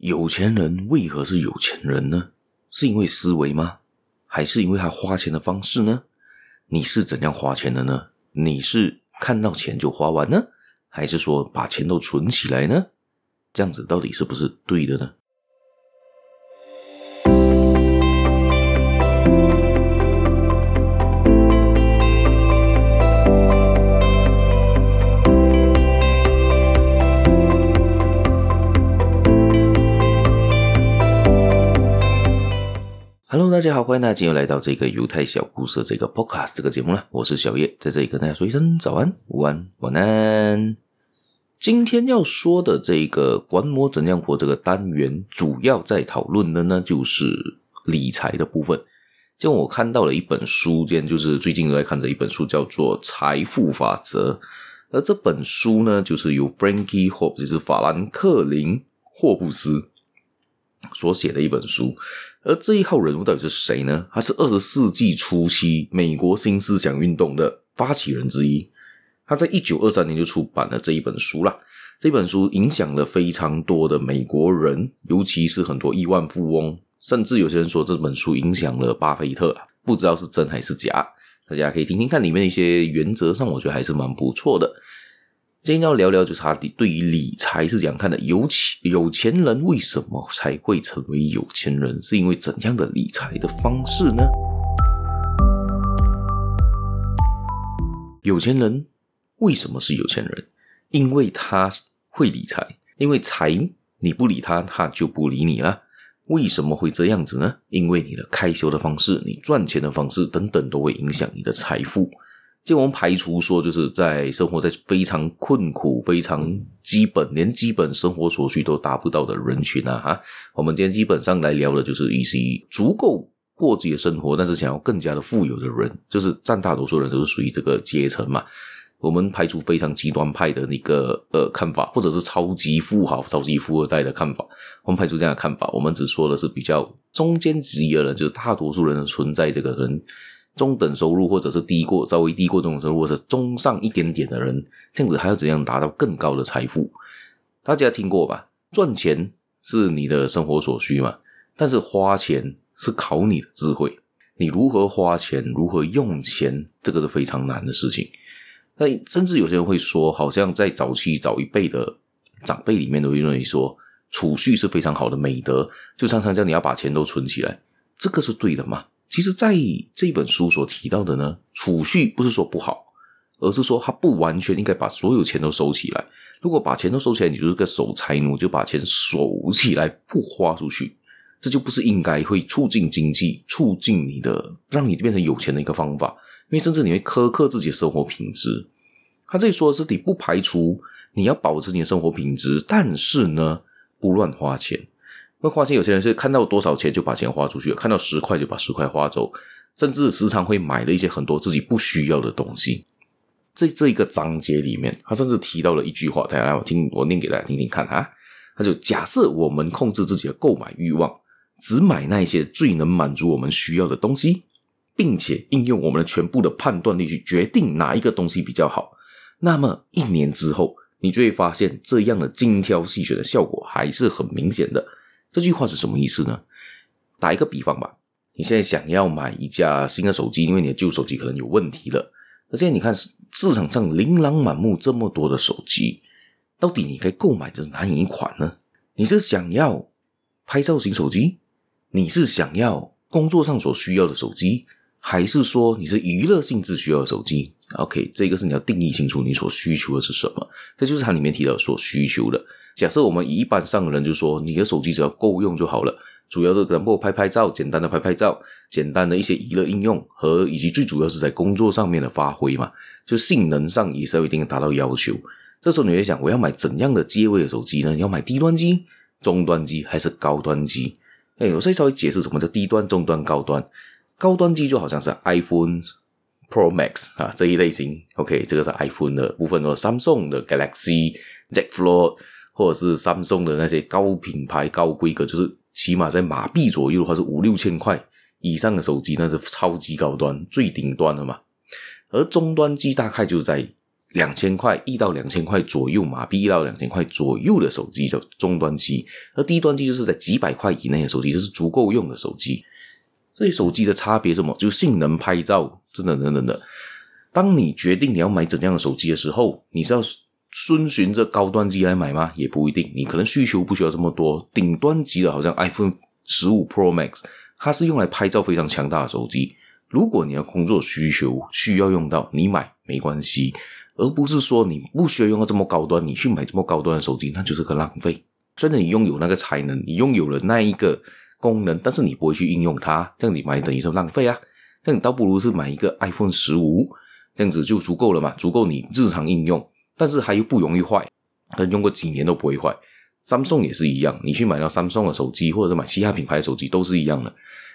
有錢人為何是有錢人呢？是因為思維嗎？還是因為他花錢的方式呢？你是怎樣花錢的呢？你是看到錢就花完呢？還是說把錢都存起來呢？這樣子到底是不是對的呢？大家好，歡迎大家今天又來到這個猶太小故事這個 podcast 這個節目了。我是小葉，在這裡跟大家說一聲早安、午安、晚安。今天要說的這個“管我怎樣活”這個單元，主要在討論的呢，就是理財的部分。像我看到了一本書，今天就是最近都在看的一本書，叫做《財富法則》。而這本書呢，就是由 Frankie 或者是法蘭克林·霍布斯。所寫的一本書，而這一號人物到底是誰呢？他是二十世紀初期美國新思想運動的發起人之一。他在一九二三年就出版了這一本書啦。這一本書影響了非常多的美國人，尤其是很多億萬富翁，甚至有些人說這本書影響了巴菲特，不知道是真還是假。大家可以聽聽看裡面的一些原則上，我覺得還是蠻不錯的。今天要聊聊就是他對、理對於理財是怎樣看的？有錢有錢人為什麼才會成為有錢人？是因為怎樣的理財的方式呢？有錢人為什麼是有錢人？因為他會理財，因為財你不理他，他就不理你了。為什麼會這樣子呢？因為你的開銷的方式、你賺錢的方式等等，都會影響你的財富。今天我們排除說，就是在生活在非常困苦、非常基本，連基本生活所需都達不到的人群啊，哈，我們今天基本上來聊的就是一些足夠過自己的生活，但是想要更加的富有的人，就是占大多數人，就是屬於這個階層嘛。我們排除非常極端派的那個呃看法，或者是超級富豪、超級富二代的看法，我們排除這樣的看法，我們只說的是比較中間級的人，就是大多數人的存在，這個人。中等收入，或者是低過，稍微低過中等收入，或者是中上一點點的人，這樣子還要怎樣達到更高的財富？大家聽過吧？賺錢是你的生活所需嘛，但是花錢是考你的智慧，你如何花錢，如何用錢，這個是非常難的事情。那甚至有些人會說，好像在早期早一輩的長輩裡面都會認為說，儲蓄是非常好的美德，就常常叫你要把錢都存起來，這個是對的嘛。其實，在這本書所提到的呢，儲蓄不是說不好，而是說他不完全應該把所有錢都收起來。如果把錢都收起來，你就是個守財奴，就把錢守起來不花出去，這就不是應該會促進經濟、促進你的，讓你變成有錢的一個方法。因為甚至你會苛刻自己的生活品質。他這裡說的是，你不排除你要保持你的生活品質，但是呢，不亂花錢。會發現有些人是看到多少錢就把錢花出去，看到十塊就把十塊花走，甚至時常會買了一些很多自己不需要的東西。在這，這一個章節裡面，他甚至提到了一句話，大家來我聽我念給大家聽聽看啊。他就假設我們控制自己的購買慾望，只買那些最能滿足我們需要的東西，並且應用我們的全部的判斷力去決定哪一個東西比較好。那麼一年之後，你就會發現這樣的精挑細選的效果還是很明顯的。這句話是什麼意思呢？打一個比方吧，你現在想要買一架新的手機，因為你的舊手機可能有問題了。那現在你看市場上琳琅滿目，這麼多的手機，到底你該購買的是哪一款呢？你是想要拍照型手機？你是想要工作上所需要的手機？還是說你是娛樂性質需要的手機？OK，這個是你要定義清楚你所需求的是什麼，這就是它裡面提到所需求的。假設我們以一般上的人就說，你的手機只要夠用就好了，主要是能夠拍拍照，簡單的拍拍照，簡單的一些娛樂應用和以及最主要是在工作上面的發揮嘛，就性能上也稍微一定達到要求。這時候你會想，我要買怎樣的價位的手機呢？你要買低端機、中端機還是高端機？哎，我再稍微解釋什麼叫低端、中端、高端。高端機就好像是 iPhone Pro Max 啊這一類型。OK，這個是 iPhone 的部分都是，然後 Samsung 的 Galaxy、Z Fold。或者是三 g 的那些高品牌、高規格，就是起碼在馬幣左右的話是五六千塊以上的手機，那是超級高端、最頂端的嘛。而中端機大概就在兩千塊一到兩千塊左右，馬幣一到兩千塊左右的手機叫中端機，而低端機就是在幾百塊以內的手機，就是足夠用的手機。這些手機的差別是什麼？就性能、拍照，等等等等。當你決定你要買怎樣的手機的時候，你是要。遵循着高端機來買嗎？也不一定。你可能需求不需要這麼多，頂端級的好像 iPhone 十五 Pro Max，它是用來拍照非常強大的手機。如果你要工作需求需要用到，你買沒關係，而不是說你不需要用到這麼高端，你去買這麼高端的手機，那就是個浪費。雖然你擁有那個才能，你擁有了那一個功能，但是你不會去應用它，這樣你買等於是浪費啊。那你倒不如是買一個 iPhone 十五，這樣子就足夠了嘛，足夠你日常應用。但是它又不容易壞，可能用個幾年都不會壞。Samsung 也是一樣，你去買到 Samsung 的手機，或者是買其他品牌的手機，都是一樣的。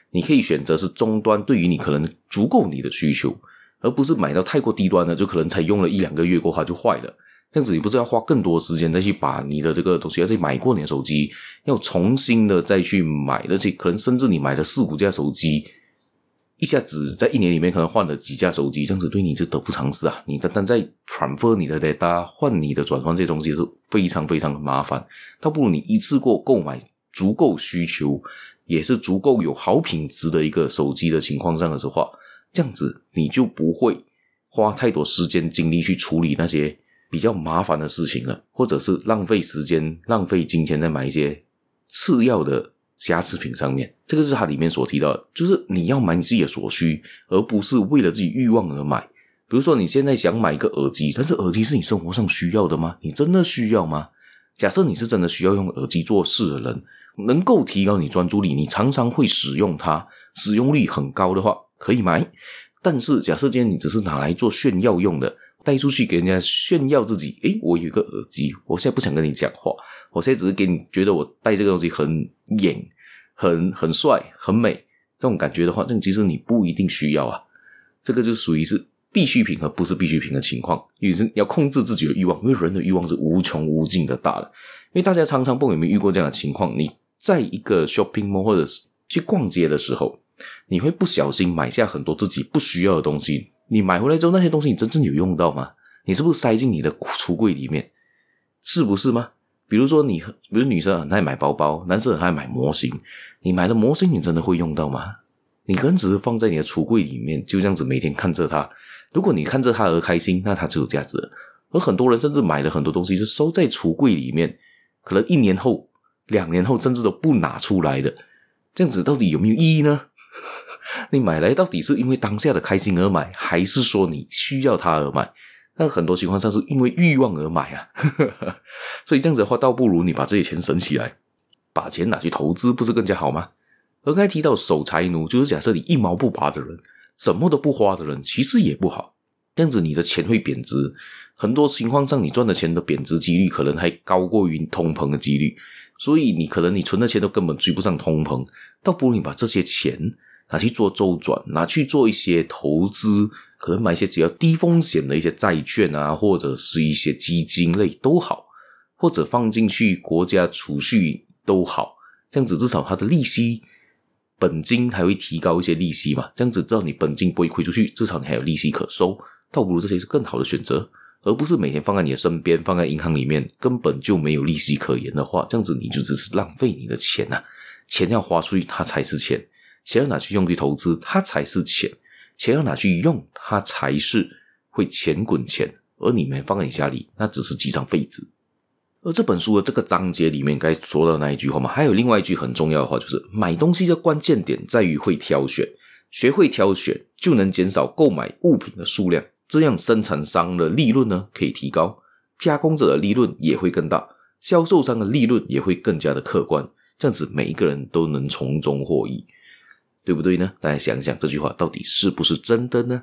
你可以選擇是中端，對於你可能足夠你的需求，而不是買到太過低端的，就可能才用了一兩個月過後它就壞了。這樣子你不是要花更多時間再去把你的這個東西要去買過年手機，要重新的再去買，而且可能甚至你買了四五架手機。一下子在一年裡面可能換了幾架手機，這樣子對你是得不償失啊！你單單在 transfer 你的 data 換你的轉換這些東西是非常非常的麻煩，倒不如你一次過購買足夠需求，也是足夠有好品質的一個手機的情況上的話，這樣子你就不會花太多時間精力去處理那些比較麻煩的事情了，或者是浪費時間、浪費金錢在買一些次要的奢侈品上面，這個是它裡面所提到的，就是你要買你自己的所需，而不是為了自己欲望而買。比如說，你現在想買一個耳機，但是耳機是你生活上需要的嗎？你真的需要嗎？假設你是真的需要用耳機做事的人，能夠提高你專注力，你常常會使用它，使用率很高的話，可以買。但是假設今天你只是拿來做炫耀用的。帶出去給人家炫耀自己，誒，我有一個耳機，我現在不想跟你講話，我現在只是給你覺得我戴這個東西很眼、很很帥、很美這種感覺的話，那其實你不一定需要啊。這個就屬於是必需品和不是必需品的情況，也是要控制自己的慾望，因為人的慾望是無窮無盡的大的。因為大家常常不管有沒有遇過這樣的情況，你在一個 shopping mall 或者是去逛街的時候，你會不小心買下很多自己不需要的東西。你買回來之後，那些東西你真正有用到嗎？你是不是塞進你的櫥櫃裡面？是不是嗎？比如說你，你比如女生很愛買包包，男生很愛買模型。你買的模型，你真的會用到嗎？你可能只是放在你的櫥櫃裡面，就這樣子每天看着它。如果你看着它而開心，那它就有價值了。而很多人甚至買了很多東西，是收在櫥櫃裡面，可能一年後、兩年後甚至都不拿出來的。這樣子到底有沒有意義呢？你買來到底是因為當下的開心而買，還是說你需要它而買？那很多情況下是因為慾望而買啊。 所以這樣子的話，倒不如你把這些錢省起來，把錢拿去投資，不是更加好嗎？而剛才提到守財奴，就是假設你一毛不拔的人，什麼都不花的人，其實也不好。這樣子你的錢會貶值，很多情況上你賺的錢的貶值幾率可能還高過於通膨的幾率，所以你可能你存的錢都根本追不上通膨，倒不如你把這些錢。拿去做周轉，拿去做一些投資，可能買一些只要低風險的一些債券啊，或者是一些基金類都好，或者放進去國家儲蓄都好。這樣子至少它的利息、本金還會提高一些利息嘛？這樣子知道你本金不會虧出去，至少你還有利息可收。倒不如這些是更好的選擇，而不是每天放在你的身邊，放在銀行裡面根本就沒有利息可言的話，這樣子你就只是浪費你的錢吶、啊。錢要花出去，它才是錢。錢要拿去用去投資，它才是錢；錢要拿去用，它才是會錢滾錢。而你們放在你家裡，那只是幾張廢紙。而這本書的這個章節裡面，該說到那一句話嘛？還有另外一句很重要的話，就是買東西的關鍵點在於會挑選。學會挑選，就能減少購買物品的數量，這樣生產商的利潤呢可以提高，加工者的利潤也會更大，銷售商的利潤也會更加的可觀。這樣子，每一個人都能從中獲益。對不對呢？大家想一想這句話到底是不是真的呢？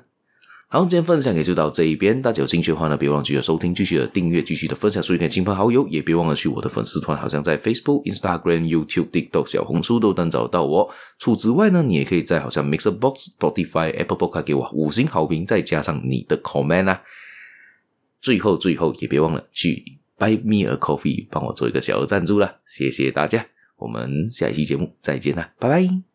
好，今天分享也就到這一邊。大家有興趣的話呢，別忘記了繼續收聽、繼續的訂閱、繼續的分享出去給親朋好友，也別忘了去我的粉絲團，好像在 Facebook、Instagram、YouTube、TikTok、小紅書都能找到我。除此之外呢，你也可以在好像 Mixbox、Spotify、Apple Podcast 給我五星好評，再加上你的 comment 啊。最後，最後也別忘了去 Buy Me a Coffee，幫我做一個小的贊助啦。謝謝大家，我們下一期節目再見啦，拜拜。